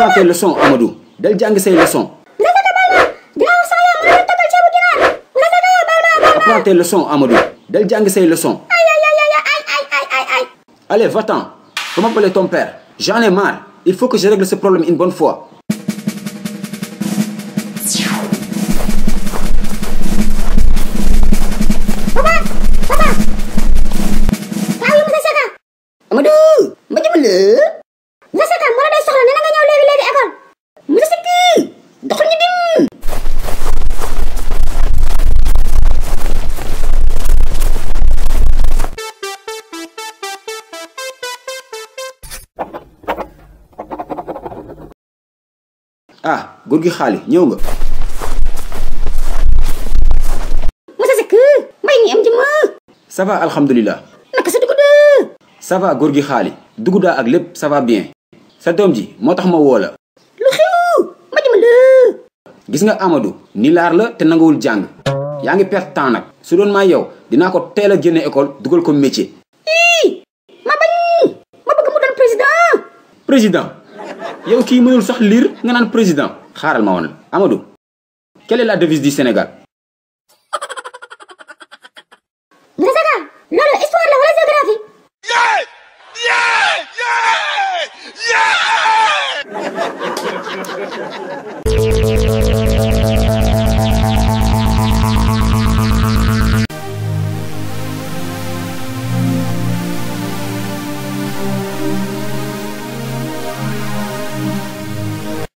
Apprends tes leçons Amadou del jàng say leçons. Apprends tes leçons Amadou del aïe aïe leçons. Allez va-t'en. Comment appeler ton père? J'en ai marre. Il faut que je règle ce problème une bonne fois. ah góor gi xaali ñëw nga. Moussa Seck mbay mi am jëmm. ça va alhamdulilah. naka sa dugub. ça va góor gi xaali. dugub ak lépp ça va bien. sa doom ji moo tax ma woo la. lu xew ma jëmm gis nga Amadou ni laar la te nanguwul jàng. yaa ngi perte temps nag. su doon maa yow dinaa ko teel a génne école dugal ko métier. ii ma bañ ma bëgg mu doon président. président. yow kii mënul sax lire nga naan président xaaral ma woon la Amadou quelle est la devise du Sénégal